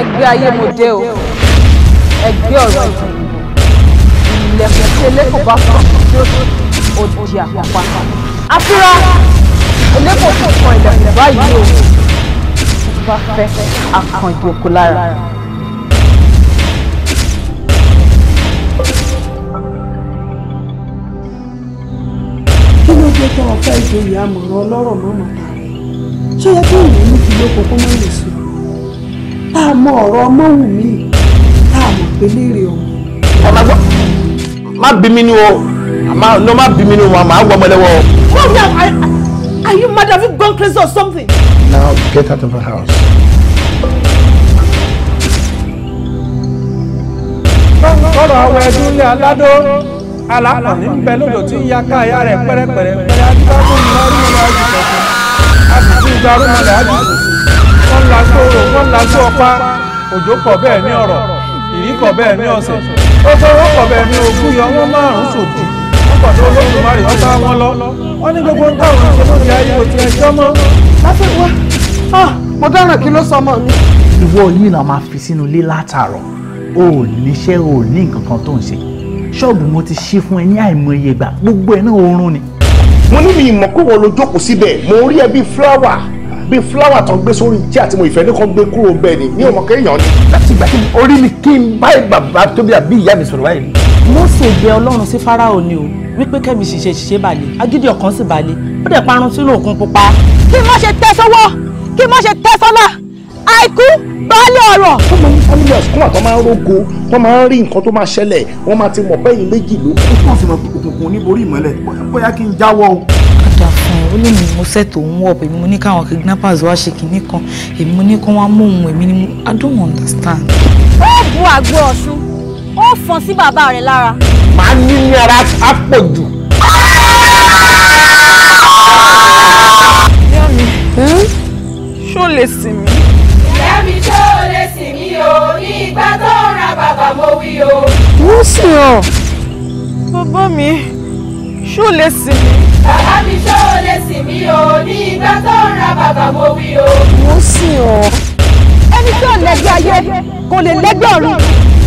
ẹgbẹ́ ayé mo dé o ẹgbẹ́ ọ̀rọ̀ ẹ̀jẹ̀ ilẹ̀kùn tí eléko bá kàn ó di àpapà. afúrá eléko kò kan ilẹ̀kùn báyìí o tó bá fẹ́ akàn ìdòkú lára. kí ló dé tó ọ̀fẹ́ ìjòyè àmọ̀ràn ọlọ́rọ̀ lọ́nà tààrà ṣé yẹ kí ìrònú fi lóko kó má lè a mọ ọ̀rọ̀ ọmọ wù mí tá a mọ̀ pé léèrè ọmọ. ọ̀nà gbọ́ má bí mi ni o no má bí mi ni o màá gbọ́ ọmọ lẹ́wọ́. calm down are, are you mad have you gone crazy or something. now get out of the house. kọ́rọ̀ àwọn ẹdún ilé aládó alákọ̀ọ́nì ń bẹ lọ́dọ̀ tí ń ya káyà rẹ̀ pẹ́rẹ́pẹ́rẹ́ pẹ́rẹ́ adúgbò ní ọdún ọdún ọdún ọdún àti tí ń gba arúgbó rẹ̀ àjùkù lagbó rò wọ́n lagbó ọpá òjò kọ̀ bẹ́ẹ̀ ní ọ̀rọ̀ ìrí kọ̀ bẹ́ẹ̀ ní ọ̀sẹ̀ ó tó wọ́n ní ogún yọ wọ́n márùn-ún sòdì wọ́n kọ̀ tó Olódùmarè wọ́n bá wọn lọ wọ́n ní gbogbo táwọn ṣe lóde ayé òtí ẹjọ́ mọ́. lásìkò wa ah, mo dáràn kí ló sọ mi. ìwọ yìí náà máa fi sínú ilé látàárọ̀ o ò níṣẹ́ o ò ní nǹkan kan tó ń ṣe ṣọ́ọ̀bù mo ti ṣí fún ẹ ní àìmọye ìgbà gbogbo ẹ náà oorun ni. mo ní mi ìmọ̀ pé wọ́n lo jókòó síbẹ̀ mo rí ẹbí fúláwà bí fúláwà tó ń gbé sórí tí àti mo ìfẹ́ ní kan gbé kúrò bẹ́ẹ̀ ni ní ọmọ kéèyàn ni. láti ìgbà tí orí mi kí n bá bàbá tóbi àbí ìyá mi sọ̀rọ̀ báyìí. Mósè bẹ Ọlọ́run sí Fáráò ni o wípé kẹ́mi ṣiṣẹ́ ṣiṣẹ́ balẹ̀ agídí ọkàn sì balẹ̀ ó dẹ̀ parun sínú òkun pupa. kí má ṣe tẹ́ sọ́wọ́ kí má ṣe tẹ́ sọ́lá àìkú baálé ọ̀rọ̀. wọ́n máa ń family house kún àtọ́ máa ń rogo wọ́n máa ń rí nǹkan tó máa ṣẹlẹ̀ wọ́n máa ti mọ̀ bẹ́yìn méjì ló. ó kàn sí mọ̀ òkùnkùn níborí ìmọ́lẹ̀ bóyá kí n jáwọ́ o lè mí mo set òun up èmi mo ní káwọn kidnappers wá ṣe kinní kan èmi mo ní kán wá mú òun èmi ni mo I don't understand. ó bu àgbo ọ̀ṣun ó fọn sí bàbá rẹ̀ lára. màá ní ní ara á pọ̀ jù. ìyá mi hmm? ṣó lè sìn mí. ìyá mi ṣó lè sìn mí o ní ìgbà tó ń ra bàbá mo wí o. wọ́n sì ọ̀ bàbá mi ṣó lè sìn mí. bàbá mi ṣó lè sìn mí o ní ìgbà tó ń ra bàbá mo wí o. mo sìn ọ ẹni tí ò lẹ́gbẹ́ ayé kò lè lẹ́gbẹ́ ọ̀run.